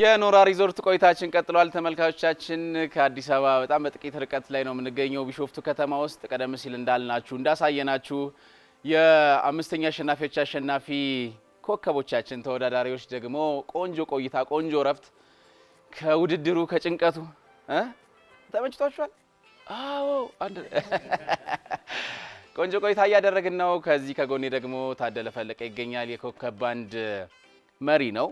የኖራ ሪዞርት ቆይታችን ቀጥሏል። ተመልካቾቻችን ከአዲስ አበባ በጣም በጥቂት ርቀት ላይ ነው የምንገኘው ቢሾፍቱ ከተማ ውስጥ ቀደም ሲል እንዳልናችሁ እንዳሳየናችሁ የአምስተኛ አሸናፊዎች አሸናፊ ኮከቦቻችን ተወዳዳሪዎች ደግሞ ቆንጆ ቆይታ ቆንጆ እረፍት ከውድድሩ ከጭንቀቱ ተመችቷችኋል? አዎ አንድ ቆንጆ ቆይታ እያደረግን ነው። ከዚህ ከጎኔ ደግሞ ታደለ ፈለቀ ይገኛል። የኮከብ ባንድ መሪ ነው።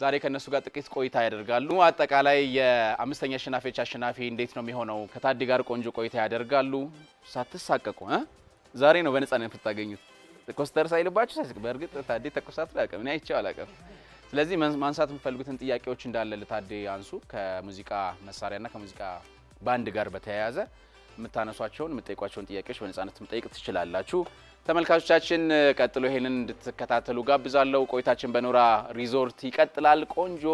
ዛሬ ከእነሱ ጋር ጥቂት ቆይታ ያደርጋሉ። አጠቃላይ የአምስተኛ አሸናፊዎች አሸናፊ እንዴት ነው የሚሆነው? ከታዲ ጋር ቆንጆ ቆይታ ያደርጋሉ። ሳትሳቀቁ ዛሬ ነው ነው የምታገኙት። ኮስተር ሳይልባችሁ ሳይስቅ። በእርግጥ ታዲ ተኮሳት አያውቅም፣ እኔ አይቼው አላውቅም። ስለዚህ ማንሳት የምፈልጉትን ጥያቄዎች እንዳለ ለታዲ አንሱ። ከሙዚቃ መሳሪያና ከሙዚቃ ባንድ ጋር በተያያዘ የምታነሷቸውን የምጠይቋቸውን ጥያቄዎች በነጻነት ምጠይቅ ትችላላችሁ። ተመልካቾቻችን ቀጥሎ ይሄንን እንድትከታተሉ ጋብዛለሁ። ቆይታችን በኖራ ሪዞርት ይቀጥላል። ቆንጆ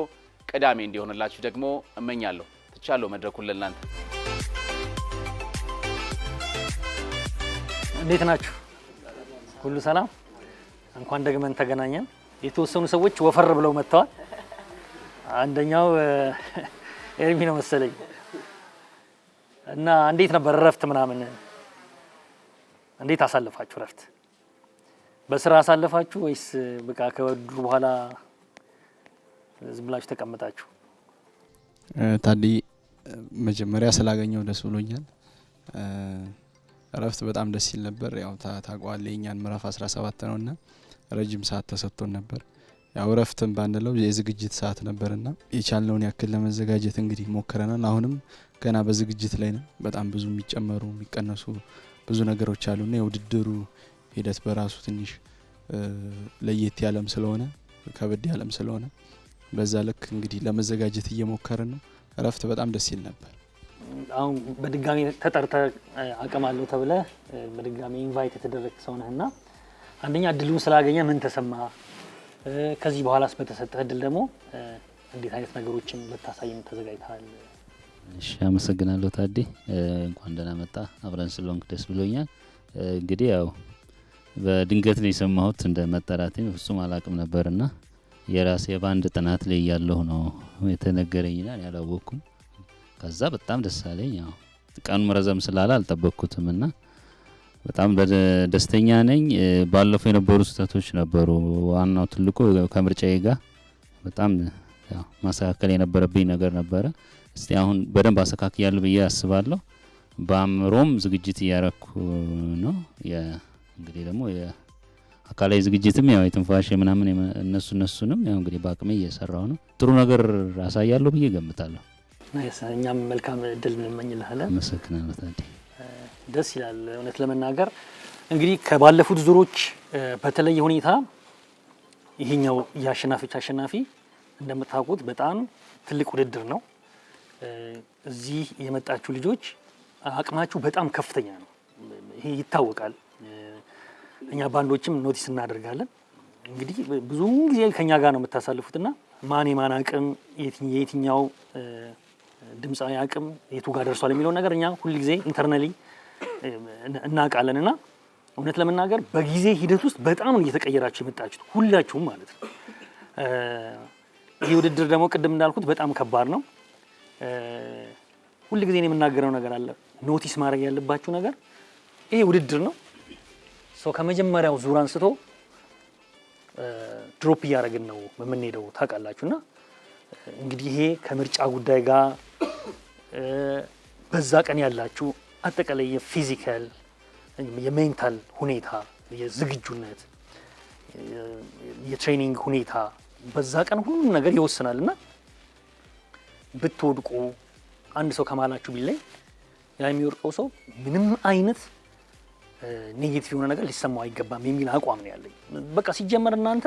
ቅዳሜ እንዲሆንላችሁ ደግሞ እመኛለሁ። ትቻለሁ መድረኩን ለእናንተ። እንዴት ናችሁ? ሁሉ ሰላም? እንኳን ደግመን ተገናኘን። የተወሰኑ ሰዎች ወፈር ብለው መጥተዋል። አንደኛው ኤርሚ ነው መሰለኝ እና እንዴት ነበር እረፍት ምናምን እንዴት አሳልፋችሁ ረፍት በስራ አሳልፋችሁ ወይስ በቃ ከወዱ በኋላ ዝም ብላችሁ ተቀምጣችሁ? ታዲ መጀመሪያ ስላገኘው ደስ ብሎኛል። እረፍት በጣም ደስ ይል ነበር። ያው ታቋዋለ የኛን ምዕራፍ 17 ነው እና ረጅም ሰዓት ተሰጥቶን ነበር። ያው እረፍትም ባንለው የዝግጅት ሰዓት ነበርና የቻልነውን ያክል ለመዘጋጀት እንግዲህ ሞክረናል። አሁንም ገና በዝግጅት ላይ ነው። በጣም ብዙ የሚጨመሩ የሚቀነሱ ብዙ ነገሮች አሉና የውድድሩ ሂደት በራሱ ትንሽ ለየት ያለም ስለሆነ ከበድ ያለም ስለሆነ በዛ ልክ እንግዲህ ለመዘጋጀት እየሞከረ ነው። እረፍት በጣም ደስ ይል ነበር። አሁን በድጋሚ ተጠርተ አቅም አለው ተብለ በድጋሚ ኢንቫይት የተደረግ ሰው ነህ እና አንደኛ እድሉን ስላገኘ ምን ተሰማ? ከዚህ በኋላስ በተሰጠህ እድል ደግሞ እንዴት አይነት ነገሮችን ልታሳይም ተዘጋጅተሃል? እሺ አመሰግናለሁ ታዲ እንኳን ደህና መጣ። አብረን ስለሆንክ ደስ ብሎኛል። እንግዲህ ያው በድንገት ነው የሰማሁት እንደ መጠራቴ ፍጹም አላቅም ነበርና የራሴ የባንድ ጥናት ላይ እያለሁ ነው የተነገረኝና ያላወቅኩም። ከዛ በጣም ደስ አለኝ። ያው ቀኑም መረዘም ስላለ አልጠበቅኩትም እና በጣም ደስተኛ ነኝ። ባለፈው የነበሩ ስህተቶች ነበሩ። ዋናው ትልቁ ከምርጫዬ ጋር በጣም ማስተካከል የነበረብኝ ነገር ነበረ። እስቲ አሁን በደንብ አስተካክያለሁ ብዬ አስባለሁ። በአእምሮም ዝግጅት እያረኩ ነው። እንግዲህ ደግሞ የአካላዊ ዝግጅትም ያው የትንፋሽ ምናምን እነሱ እነሱንም ያው እንግዲህ በአቅሜ እየሰራው ነው። ጥሩ ነገር አሳያለሁ ብዬ ገምታለሁ። እኛም መልካም እድል እንመኝልሃለን። አመሰግናለሁ። ታዲያ ደስ ይላል። እውነት ለመናገር እንግዲህ ከባለፉት ዙሮች በተለየ ሁኔታ ይሄኛው የአሸናፊዎች አሸናፊ እንደምታውቁት በጣም ትልቅ ውድድር ነው። እዚህ የመጣችሁ ልጆች አቅማችሁ በጣም ከፍተኛ ነው። ይሄ ይታወቃል። እኛ ባንዶችም ኖቲስ እናደርጋለን። እንግዲህ ብዙውን ጊዜ ከኛ ጋር ነው የምታሳልፉትና ማን የማን አቅም የየትኛው ድምፃዊ አቅም የቱ ጋር ደርሷል የሚለውን ነገር እኛ ሁል ጊዜ ኢንተርናሊ እናውቃለን። እና እውነት ለመናገር በጊዜ ሂደት ውስጥ በጣም እየተቀየራችሁ የመጣችሁት ሁላችሁም ማለት ነው። ይህ ውድድር ደግሞ ቅድም እንዳልኩት በጣም ከባድ ነው። ሁል ጊዜ የምናገረው ነገር አለ። ኖቲስ ማድረግ ያለባችሁ ነገር ይሄ ውድድር ነው። ሰው ከመጀመሪያው ዙር አንስቶ ድሮፕ እያደረግን ነው የምንሄደው ታውቃላችሁ። እና እንግዲህ ይሄ ከምርጫ ጉዳይ ጋር በዛ ቀን ያላችሁ አጠቃላይ የፊዚካል የሜንታል ሁኔታ የዝግጁነት የትሬኒንግ ሁኔታ በዛ ቀን ሁሉም ነገር ይወስናል እና ብትወድቁ አንድ ሰው ከማላችሁ ቢለኝ ያ የሚወድቀው ሰው ምንም አይነት ኔጌቲቭ የሆነ ነገር ሊሰማው አይገባም የሚል አቋም ነው ያለኝ። በቃ ሲጀመር እናንተ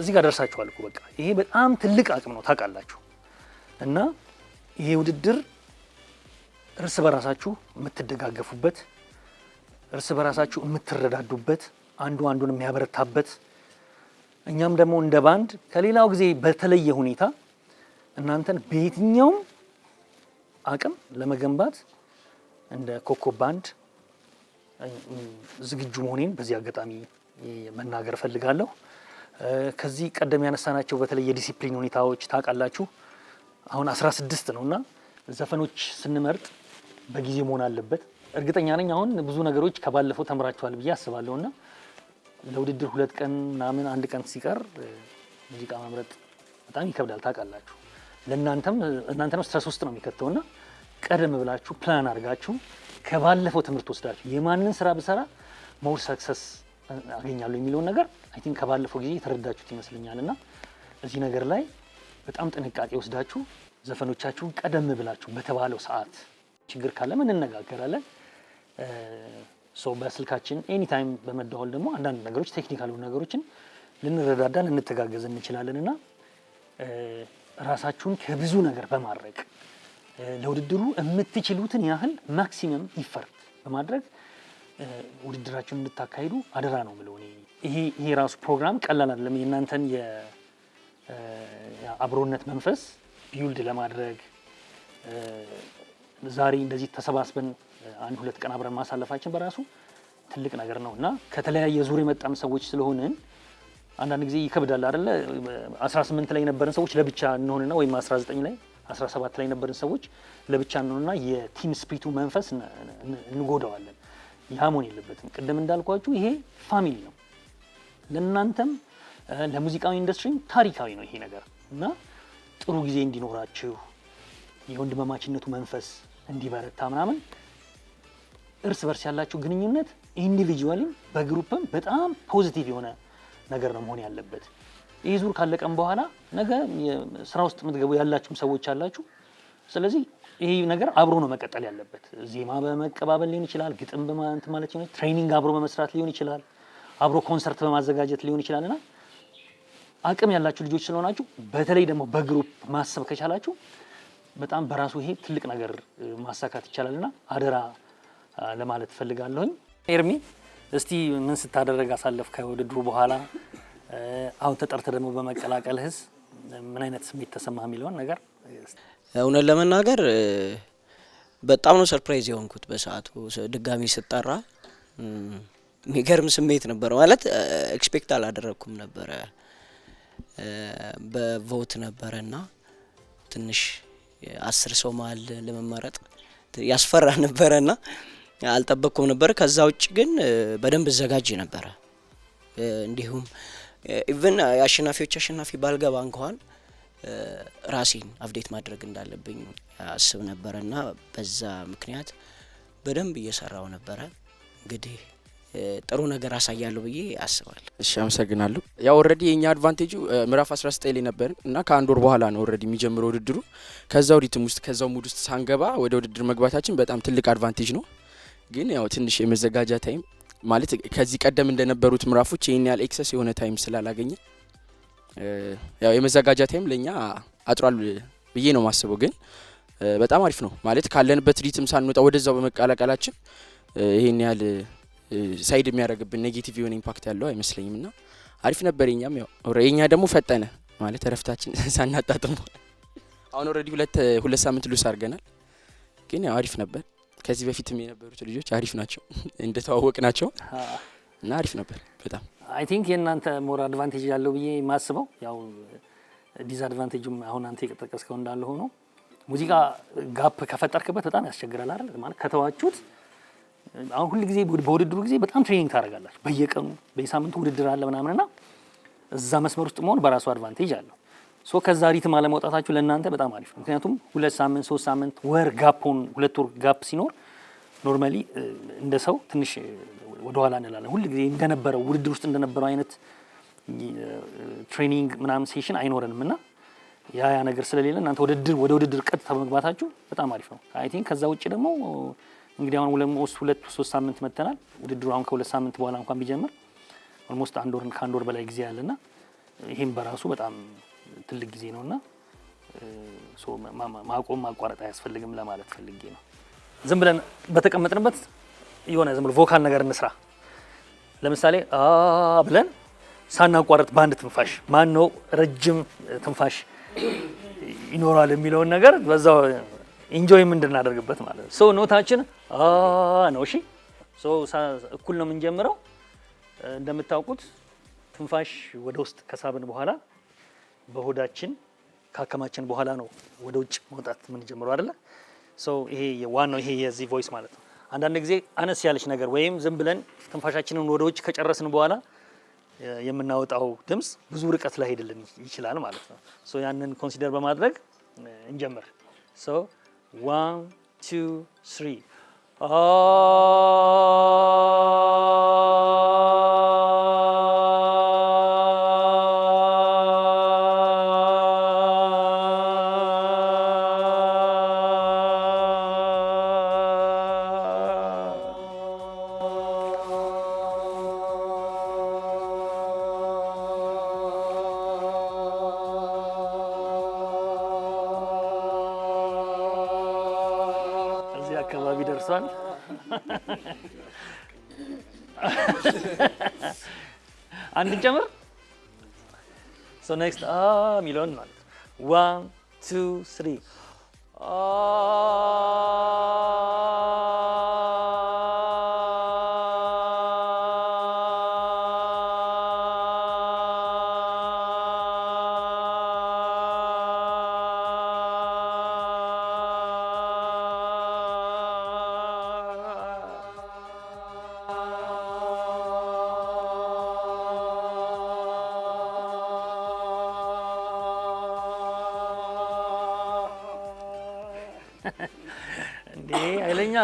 እዚህ ጋር ደርሳችኋል እኮ በቃ ይሄ በጣም ትልቅ አቅም ነው ታውቃላችሁ። እና ይሄ ውድድር እርስ በራሳችሁ የምትደጋገፉበት፣ እርስ በራሳችሁ የምትረዳዱበት፣ አንዱ አንዱን የሚያበረታበት እኛም ደግሞ እንደ ባንድ ከሌላው ጊዜ በተለየ ሁኔታ እናንተን በየትኛውም አቅም ለመገንባት እንደ ኮከብ ባንድ ዝግጁ መሆኔን በዚህ አጋጣሚ መናገር እፈልጋለሁ። ከዚህ ቀደም ያነሳናቸው በተለይ የዲሲፕሊን ሁኔታዎች ታውቃላችሁ። አሁን 16 ነው እና ዘፈኖች ስንመርጥ በጊዜ መሆን አለበት። እርግጠኛ ነኝ አሁን ብዙ ነገሮች ከባለፈው ተምራችኋል ብዬ አስባለሁ እና ለውድድር ሁለት ቀን ምናምን አንድ ቀን ሲቀር ሙዚቃ መምረጥ በጣም ይከብዳል ታውቃላችሁ። ለእናንተም እናንተንም ስትረስ ውስጥ ነው የሚከተውና ቀደም ብላችሁ ፕላን አድርጋችሁ ከባለፈው ትምህርት ወስዳችሁ የማንን ስራ ብሰራ ሞር ሰክሰስ አገኛለሁ የሚለውን ነገር አይ ቲንክ ከባለፈው ጊዜ የተረዳችሁት ይመስለኛል። እና እዚህ ነገር ላይ በጣም ጥንቃቄ ወስዳችሁ ዘፈኖቻችሁን ቀደም ብላችሁ በተባለው ሰዓት ችግር ካለ እንነጋገራለን። ሰው በስልካችን ኤኒታይም በመደዋወል ደግሞ አንዳንድ ነገሮች ቴክኒካል ነገሮችን ልንረዳዳ ልንተጋገዝ እንችላለን እና ራሳችሁን ከብዙ ነገር በማድረግ ለውድድሩ የምትችሉትን ያህል ማክሲመም ኢፈርት በማድረግ ውድድራችሁን እንድታካሂዱ አደራ ነው ብለው ይሄ ይሄ ራሱ ፕሮግራም ቀላል አይደለም። የእናንተን የአብሮነት መንፈስ ቢውልድ ለማድረግ ዛሬ እንደዚህ ተሰባስበን አንድ ሁለት ቀን አብረን ማሳለፋችን በራሱ ትልቅ ነገር ነው እና ከተለያየ ዙር የመጣም ሰዎች ስለሆንን አንዳንድ ጊዜ ይከብዳል አይደለ? 18 ላይ የነበርን ሰዎች ለብቻ እንሆንና ወይም 19 ላይ 17 ላይ የነበርን ሰዎች ለብቻ እንሆንና የቲም ስፒቱ መንፈስ እንጎዳዋለን። ያ መሆን የለበትም። ቅድም እንዳልኳችሁ ይሄ ፋሚሊ ነው። ለእናንተም ለሙዚቃዊ ኢንዱስትሪም ታሪካዊ ነው ይሄ ነገር እና ጥሩ ጊዜ እንዲኖራችሁ የወንድማማችነቱ መንፈስ እንዲበረታ ምናምን እርስ በርስ ያላችሁ ግንኙነት ኢንዲቪጁዋልም በግሩፕም በጣም ፖዚቲቭ የሆነ ነገር ነው መሆን ያለበት። ይህ ዙር ካለቀም በኋላ ነገ ስራ ውስጥ የምትገቡ ያላችሁም ሰዎች አላችሁ። ስለዚህ ይህ ነገር አብሮ ነው መቀጠል ያለበት። ዜማ በመቀባበል ሊሆን ይችላል፣ ግጥም በማንት ማለት ይሆናል፣ ትሬኒንግ አብሮ በመስራት ሊሆን ይችላል፣ አብሮ ኮንሰርት በማዘጋጀት ሊሆን ይችላል እና አቅም ያላችሁ ልጆች ስለሆናችሁ በተለይ ደግሞ በግሩፕ ማሰብ ከቻላችሁ በጣም በራሱ ይሄ ትልቅ ነገር ማሳካት ይቻላልና አደራ ለማለት ፈልጋለሁኝ ኤርሚ እስቲ ምን ስታደረግ አሳለፍ ከውድድሩ በኋላ? አሁን ተጠርተ ደግሞ ህዝ ምን አይነት ስሜት ተሰማህ የሚለውን ነገር እውነት ለመናገር በጣም ነው ሰርፕራይዝ የሆንኩት በሰዓቱ ድጋሚ ስጠራ የሚገርም ስሜት ነበረ። ማለት ኤክስፔክት አላደረግኩም ነበረ። በቮት ነበረ እና ትንሽ አስር ሰው መሀል ለመመረጥ ያስፈራ ነበረ ና አልጠበቅኩም ነበር። ከዛ ውጭ ግን በደንብ እዘጋጅ ነበረ። እንዲሁም ኢቨን የአሸናፊዎች አሸናፊ ባልገባ እንኳን ራሴን አብዴት ማድረግ እንዳለብኝ አስብ ነበረ እና በዛ ምክንያት በደንብ እየሰራው ነበረ። እንግዲህ ጥሩ ነገር አሳያለሁ ብዬ አስባለሁ። እሺ፣ አመሰግናለሁ። ያው ኦልሬዲ የእኛ አድቫንቴጁ ምዕራፍ 19 ላይ ነበርን እና ከአንድ ወር በኋላ ነው ኦልሬዲ የሚጀምረው ውድድሩ። ከዛው ሪትም ውስጥ ከዛው ሙድ ውስጥ ሳንገባ ወደ ውድድር መግባታችን በጣም ትልቅ አድቫንቴጅ ነው። ግን ያው ትንሽ የመዘጋጃ ታይም ማለት ከዚህ ቀደም እንደነበሩት ምዕራፎች ይህን ያህል ኤክሰስ የሆነ ታይም ስላላገኘ ያው የመዘጋጃ ታይም ለእኛ አጥሯል ብዬ ነው ማስበው። ግን በጣም አሪፍ ነው ማለት ካለንበት ሪትም ሳንወጣ ወደዛው በመቀላቀላችን ይህን ያህል ሳይድ የሚያደርግብን ኔጌቲቭ የሆነ ኢምፓክት ያለው አይመስለኝም። እና አሪፍ ነበር። የኛም ያው የኛ ደግሞ ፈጠነ ማለት እረፍታችን ሳናጣጥሙ አሁን ኦልሬዲ ሁለት ሁለት ሳምንት ሉስ አድርገናል። ግን ያው አሪፍ ነበር። ከዚህ በፊትም የነበሩት ልጆች አሪፍ ናቸው፣ እንደተዋወቅ ናቸው እና አሪፍ ነበር በጣም አይ ቲንክ የእናንተ ሞር አድቫንቴጅ ያለው ብዬ የማስበው ያው ዲስአድቫንቴጅም አሁን አንተ የቀጠቀስከው እንዳለ ሆኖ ሙዚቃ ጋፕ ከፈጠርክበት በጣም ያስቸግራል አይደል? ማለት ከተዋችሁት አሁን ሁል ጊዜ በውድድሩ ጊዜ በጣም ትሬኒንግ ታደርጋላችሁ። በየቀኑ በየሳምንቱ ውድድር አለ ምናምንና እዛ መስመር ውስጥ መሆን በራሱ አድቫንቴጅ አለው። ሶ ከዛ ሪትም አለመውጣታችሁ ለእናንተ በጣም አሪፍ ነው። ምክንያቱም ሁለት ሳምንት ሶስት ሳምንት ወር ጋፖን ሁለት ወር ጋፕ ሲኖር ኖርማሊ እንደ ሰው ትንሽ ወደኋላ እንላለን። ሁል ጊዜ እንደነበረው ውድድር ውስጥ እንደነበረው አይነት ትሬኒንግ ምናምን ሴሽን አይኖረንም እና ያ ያ ነገር ስለሌለ እናንተ ወደ ውድድር ቀጥታ በመግባታችሁ በጣም አሪፍ ነው። አይ ቲንክ ከዛ ውጭ ደግሞ እንግዲህ አሁን ኦልሞስት ሁለት ሶስት ሳምንት መተናል። ውድድሩ አሁን ከሁለት ሳምንት በኋላ እንኳን ቢጀምር ኦልሞስት አንድ ወር ከአንድ ወር በላይ ጊዜ ያለና ይህም በራሱ በጣም ትልቅ ጊዜ ነውና ማቆም ማቋረጥ አያስፈልግም ለማለት ፈልጌ ነው። ዝም ብለን በተቀመጥንበት የሆነ ዝም ብሎ ቮካል ነገር እንስራ። ለምሳሌ ብለን ሳናቋረጥ በአንድ ትንፋሽ ማን ነው ረጅም ትንፋሽ ይኖራል የሚለውን ነገር በዛው ኢንጆይ እንድናደርግበት ማለት ነው። ሶ ኖታችን ነው። እሺ እኩል ነው የምንጀምረው። እንደምታውቁት ትንፋሽ ወደ ውስጥ ከሳብን በኋላ በሆዳችን ካከማችን በኋላ ነው ወደ ውጭ መውጣት የምንጀምረው አይደለ? ይሄ ዋናው ይሄ የዚህ ቮይስ ማለት ነው። አንዳንድ ጊዜ አነስ ያለች ነገር ወይም ዝም ብለን ትንፋሻችንን ወደ ውጭ ከጨረስን በኋላ የምናወጣው ድምፅ ብዙ ርቀት ላይ ሄድልን ይችላል ማለት ነው። ያንን ኮንሲደር በማድረግ እንጀምር። ዋን ቱ ስሪ 안 듣잖아? So next 아 이런 one two three 아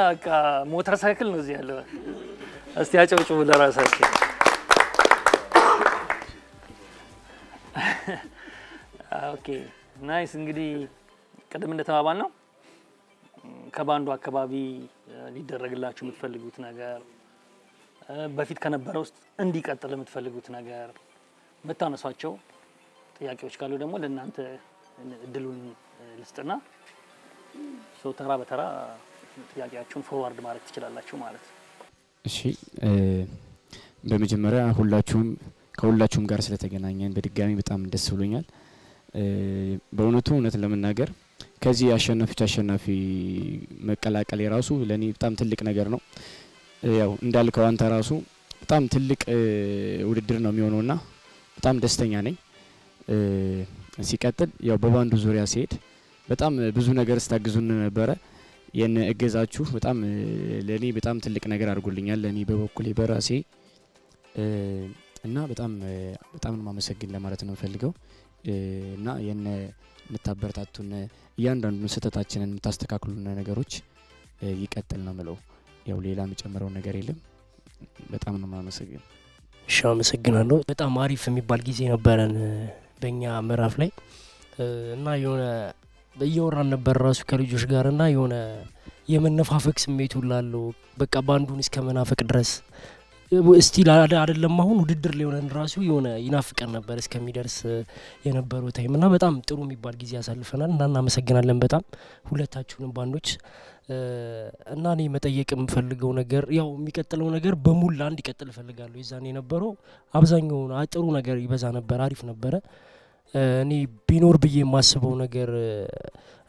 በቃ ሞተር ሳይክል ነው እዚህ ያለው። እስቲ አጨብጭቡ ለራሳቸው። ኦኬ ናይስ። እንግዲህ ቅድም እንደተባባል ነው ከባንዱ አካባቢ ሊደረግላችሁ የምትፈልጉት ነገር በፊት ከነበረ ውስጥ እንዲቀጥል የምትፈልጉት ነገር የምታነሷቸው ጥያቄዎች ካሉ ደግሞ ለእናንተ እድሉን ልስጥና ሰው ተራ በተራ ጥያቄያችሁን ፎርዋርድ ማድረግ ትችላላችሁ ማለት ነው። እሺ በመጀመሪያ ሁላችሁም ከሁላችሁም ጋር ስለተገናኘን በድጋሚ በጣም ደስ ብሎኛል። በእውነቱ እውነት ለመናገር ከዚህ አሸናፊዎች አሸናፊ መቀላቀል የራሱ ለእኔ በጣም ትልቅ ነገር ነው። ያው እንዳልከው አንተ ራሱ በጣም ትልቅ ውድድር ነው የሚሆነውና በጣም ደስተኛ ነኝ። ሲቀጥል ያው በባንዱ ዙሪያ ሲሄድ በጣም ብዙ ነገር ስታግዙን ነበረ። የነ እገዛችሁ በጣም ለእኔ በጣም ትልቅ ነገር አድርጎልኛል። ለእኔ በበኩሌ በራሴ እና በጣም በጣም ማመሰግን ለማለት ነው ፈልገው እና የነ የምታበረታቱን እያንዳንዱን ስህተታችንን የምታስተካክሉን ነገሮች ይቀጥል ነው ምለው። ያው ሌላ የሚጨምረው ነገር የለም። በጣም ነው ማመሰግን። እሺ አመሰግናለሁ። በጣም አሪፍ የሚባል ጊዜ ነበረን በእኛ ምዕራፍ ላይ እና የሆነ እየወራን ነበር ራሱ ከልጆች ጋር እና የሆነ የመነፋፈቅ ስሜቱ ላለው በቃ በአንዱን እስከ መናፈቅ ድረስ ስቲል አይደለም አሁን ውድድር ሊሆነን ራሱ የሆነ ይናፍቀን ነበር እስከሚደርስ የነበረው ታይም እና በጣም ጥሩ የሚባል ጊዜ ያሳልፈናል እና እናመሰግናለን በጣም ሁለታችሁንም ባንዶች። እና እኔ መጠየቅ የምፈልገው ነገር ያው የሚቀጥለው ነገር በሙላ እንዲቀጥል እፈልጋለሁ። የዛኔ የነበረው አብዛኛውን ጥሩ ነገር ይበዛ ነበር፣ አሪፍ ነበረ። እኔ ቢኖር ብዬ የማስበው ነገር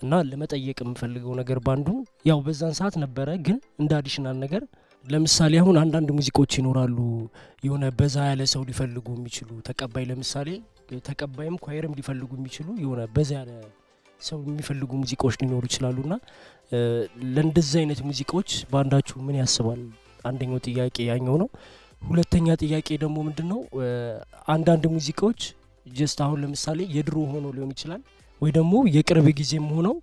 እና ለመጠየቅ የምፈልገው ነገር ባንዱ ያው በዛን ሰዓት ነበረ፣ ግን እንደ አዲሽናል ነገር ለምሳሌ አሁን አንዳንድ ሙዚቃዎች ይኖራሉ የሆነ በዛ ያለ ሰው ሊፈልጉ የሚችሉ ተቀባይ፣ ለምሳሌ ተቀባይም ኳየርም ሊፈልጉ የሚችሉ የሆነ በዛ ያለ ሰው የሚፈልጉ ሙዚቃዎች ሊኖሩ ይችላሉ እና ለእንደዚህ አይነት ሙዚቃዎች በአንዳችሁ ምን ያስባል? አንደኛው ጥያቄ ያኛው ነው። ሁለተኛ ጥያቄ ደግሞ ምንድን ነው አንዳንድ ሙዚቃዎች ጀስት አሁን ለምሳሌ የድሮ ሆኖ ሊሆን ይችላል ወይ ደግሞ የቅርብ ጊዜም ሆነው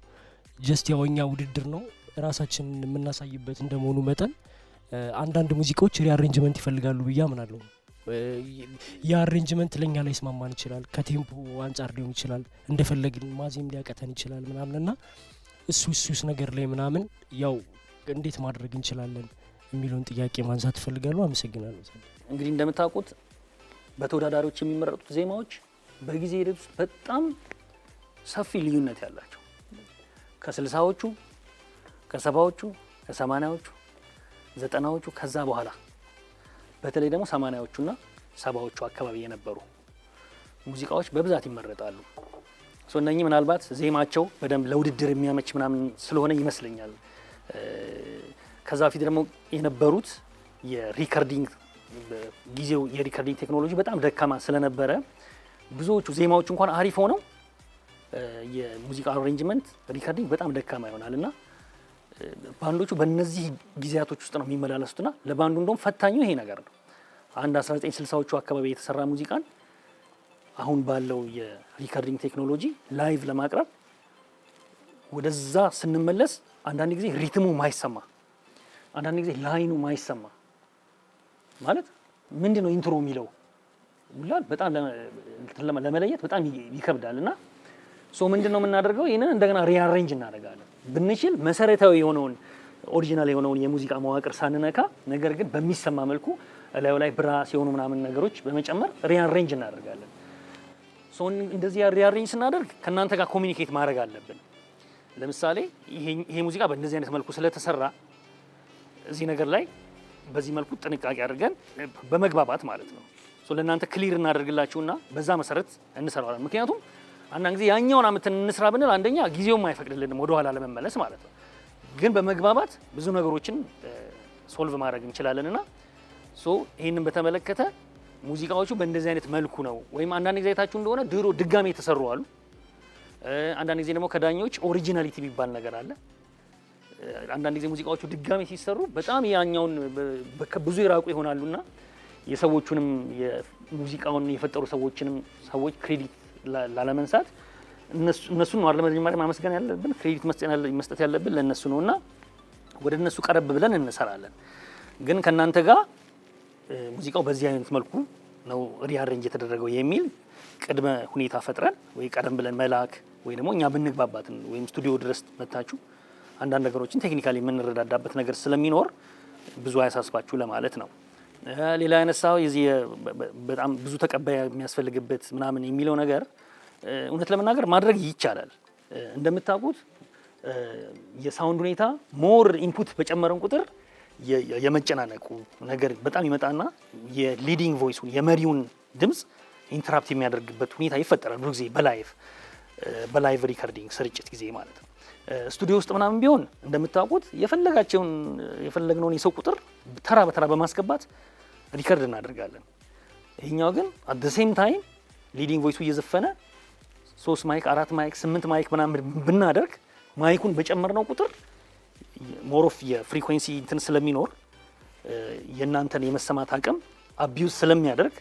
ጀስት እኛ ውድድር ነው ራሳችን የምናሳይበት እንደመሆኑ መጠን አንዳንድ ሙዚቃዎች ሪአሬንጅመንት ይፈልጋሉ ብዬ አምናለሁ። የአሬንጅመንት ለእኛ ላይ ስማማን ይችላል፣ ከቴምፖ አንጻር ሊሆን ይችላል፣ እንደፈለግን ማዜም ሊያቀተን ይችላል ምናምን እና እሱ እሱስ ነገር ላይ ምናምን ያው እንዴት ማድረግ እንችላለን የሚለውን ጥያቄ ማንሳት ይፈልጋሉ። አመሰግናለሁ። እንግዲህ እንደምታውቁት በተወዳዳሪዎች የሚመረጡት ዜማዎች በጊዜ ሂደት ውስጥ በጣም ሰፊ ልዩነት ያላቸው ከስልሳዎቹ ከሰባዎቹ ከሰማኒያዎቹ ዘጠናዎቹ ከዛ በኋላ በተለይ ደግሞ ሰማንያዎቹና ሰባዎቹ አካባቢ የነበሩ ሙዚቃዎች በብዛት ይመረጣሉ። እነኚህ ምናልባት ዜማቸው በደንብ ለውድድር የሚያመች ምናምን ስለሆነ ይመስለኛል። ከዛ በፊት ደግሞ የነበሩት የሪከርዲንግ ጊዜው የሪከርዲንግ ቴክኖሎጂ በጣም ደካማ ስለነበረ ብዙዎቹ ዜማዎቹ እንኳን አሪፍ ሆነው የሙዚቃ አሬንጅመንት ሪካርዲንግ በጣም ደካማ ይሆናል እና ባንዶቹ በእነዚህ ጊዜያቶች ውስጥ ነው የሚመላለሱትና ለባንዱ እንደውም ፈታኙ ይሄ ነገር ነው። አንድ 1960ዎቹ አካባቢ የተሰራ ሙዚቃን አሁን ባለው የሪከርዲንግ ቴክኖሎጂ ላይቭ ለማቅረብ ወደዛ ስንመለስ አንዳንድ ጊዜ ሪትሙ ማይሰማ፣ አንዳንድ ጊዜ ላይኑ ማይሰማ ማለት ምንድን ነው ኢንትሮ የሚለው ላል በጣም ለመለየት በጣም ይከብዳል እና ሶ ምንድን ነው የምናደርገው? ይህንን እንደገና ሪአሬንጅ እናደርጋለን። ብንችል መሰረታዊ የሆነውን ኦሪጂናል የሆነውን የሙዚቃ መዋቅር ሳንነካ፣ ነገር ግን በሚሰማ መልኩ እላዩ ላይ ብራስ የሆኑ ምናምን ነገሮች በመጨመር ሪአሬንጅ እናደርጋለን። ሶ እንደዚህ ሪአሬንጅ ስናደርግ ከእናንተ ጋር ኮሚኒኬት ማድረግ አለብን። ለምሳሌ ይሄ ሙዚቃ በእንደዚህ አይነት መልኩ ስለተሰራ እዚህ ነገር ላይ በዚህ መልኩ ጥንቃቄ አድርገን በመግባባት ማለት ነው ለእናንተ ክሊር እናደርግላችሁና በዛ መሰረት እንሰራዋለን። ምክንያቱም አንዳንድ ጊዜ ያኛውን አመት እንስራ ብንል አንደኛ ጊዜውም አይፈቅድልንም ወደኋላ ለመመለስ ማለት ነው። ግን በመግባባት ብዙ ነገሮችን ሶልቭ ማድረግ እንችላለንና ሶ ይህንን በተመለከተ ሙዚቃዎቹ በእንደዚህ አይነት መልኩ ነው። ወይም አንዳንድ ጊዜ አይታችሁ እንደሆነ ድሮ ድጋሜ የተሰሩ አሉ። አንዳንድ ጊዜ ደግሞ ከዳኞች ኦሪጂናሊቲ የሚባል ነገር አለ። አንዳንድ ጊዜ ሙዚቃዎቹ ድጋሜ ሲሰሩ በጣም ያኛውን ብዙ የራቁ ይሆናሉና የሰዎቹንም ሙዚቃውን የፈጠሩ ሰዎችንም ሰዎች ክሬዲት ላለመንሳት እነሱን ነው ለመጀመሪያ ማመስገን ያለብን፣ ክሬዲት መስጠት ያለብን ለእነሱ ነው እና ወደ እነሱ ቀረብ ብለን እንሰራለን። ግን ከእናንተ ጋር ሙዚቃው በዚህ አይነት መልኩ ነው ሪአሬንጅ የተደረገው የሚል ቅድመ ሁኔታ ፈጥረን ወይ ቀደም ብለን መላክ ወይ ደግሞ እኛ ብንግባባትን ወይም ስቱዲዮ ድረስ መታችሁ አንዳንድ ነገሮችን ቴክኒካሊ የምንረዳዳበት ነገር ስለሚኖር ብዙ አያሳስባችሁ ለማለት ነው። ሌላ ያነሳው የዚህ በጣም ብዙ ተቀባይ የሚያስፈልግበት ምናምን የሚለው ነገር እውነት ለመናገር ማድረግ ይቻላል። እንደምታውቁት የሳውንድ ሁኔታ ሞር ኢንፑት በጨመረን ቁጥር የመጨናነቁ ነገር በጣም ይመጣና የሊዲንግ ቮይሱን የመሪውን ድምፅ ኢንተራፕት የሚያደርግበት ሁኔታ ይፈጠራል። ብዙ ጊዜ በላይቭ በላይቭ ሪከርዲንግ ስርጭት ጊዜ ማለት ነው። ስቱዲዮ ውስጥ ምናምን ቢሆን እንደምታውቁት የፈለጋቸውን የፈለግነውን የሰው ቁጥር ተራ በተራ በማስገባት ሪከርድ እናደርጋለን። ይህኛው ግን አደ ሴም ታይም ሊዲንግ ቮይሱ እየዘፈነ ሶስት ማይክ፣ አራት ማይክ፣ ስምንት ማይክ ምናምን ብናደርግ ማይኩን በጨመርነው ቁጥር ሞሮፍ የፍሪኩዌንሲ እንትን ስለሚኖር የእናንተን የመሰማት አቅም አቢዩዝ ስለሚያደርግ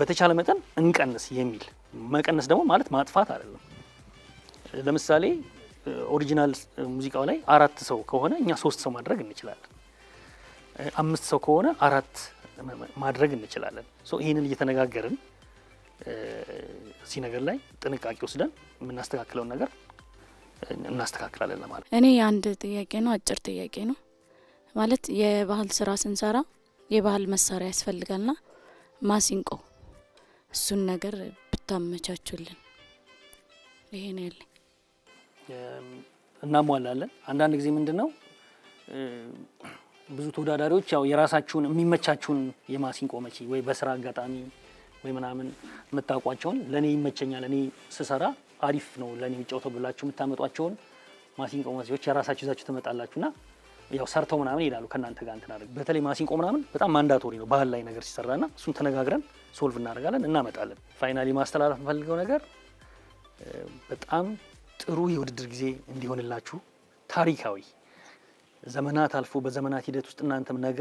በተቻለ መጠን እንቀንስ የሚል መቀነስ ደግሞ ማለት ማጥፋት አይደለም። ለምሳሌ ኦሪጂናል ሙዚቃው ላይ አራት ሰው ከሆነ እኛ ሶስት ሰው ማድረግ እንችላለን። አምስት ሰው ከሆነ አራት ማድረግ እንችላለን። ይህንን እየተነጋገርን እዚህ ነገር ላይ ጥንቃቄ ወስደን የምናስተካክለውን ነገር እናስተካክላለን ለማለት እኔ አንድ ጥያቄ ነው፣ አጭር ጥያቄ ነው ማለት የባህል ስራ ስንሰራ የባህል መሳሪያ ያስፈልጋልና ማሲንቆ እሱን ነገር ብታመቻቹልን ይሄ ነው ያለኝ። እናሟላለን። አንዳንድ ጊዜ ምንድን ነው ብዙ ተወዳዳሪዎች ያው የራሳችሁን የሚመቻችሁን የማሲንቆ መቺ ወይ በስራ አጋጣሚ ወይ ምናምን የምታውቋቸውን ለእኔ ይመቸኛል እኔ ስሰራ አሪፍ ነው ለእኔ የሚጫወተው ብላችሁ የምታመጧቸውን ማሲንቆ መቺዎች የራሳችሁ ይዛችሁ ትመጣላችሁና ያው ሰርተው ምናምን ይላሉ ከእናንተ ጋር እንትን አድርግ። በተለይ ማሲንቆ ምናምን በጣም ማንዳቶሪ ነው ባህል ላይ ነገር ሲሰራና እሱን ተነጋግረን ሶልቭ እናደርጋለን እናመጣለን። ፋይናሊ ማስተላለፍ የምፈልገው ነገር በጣም ጥሩ የውድድር ጊዜ እንዲሆንላችሁ ታሪካዊ ዘመናት አልፎ በዘመናት ሂደት ውስጥ እናንተም ነገ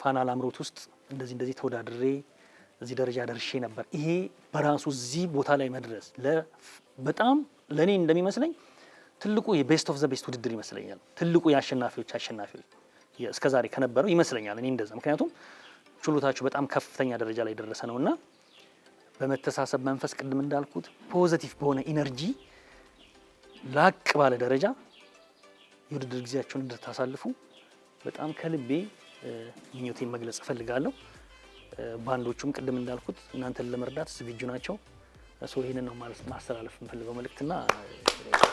ፋና ላምሮት ውስጥ እንደዚህ እንደዚህ ተወዳድሬ እዚህ ደረጃ ደርሼ ነበር። ይሄ በራሱ እዚህ ቦታ ላይ መድረስ በጣም ለእኔ እንደሚመስለኝ ትልቁ የቤስት ኦፍ ዘ ቤስት ውድድር ይመስለኛል። ትልቁ የአሸናፊዎች አሸናፊዎች እስከዛሬ ከነበረው ይመስለኛል እኔ እንደዛ። ምክንያቱም ችሎታችሁ በጣም ከፍተኛ ደረጃ ላይ ደረሰ ነው እና በመተሳሰብ መንፈስ ቅድም እንዳልኩት ፖዘቲቭ በሆነ ኢነርጂ ላቅ ባለ ደረጃ የውድድር ጊዜያቸውን እንድታሳልፉ በጣም ከልቤ ምኞቴን መግለጽ እፈልጋለሁ። ባንዶቹም ቅድም እንዳልኩት እናንተን ለመርዳት ዝግጁ ናቸው። ይህንን ነው ማስተላለፍ የምፈልገው መልእክትና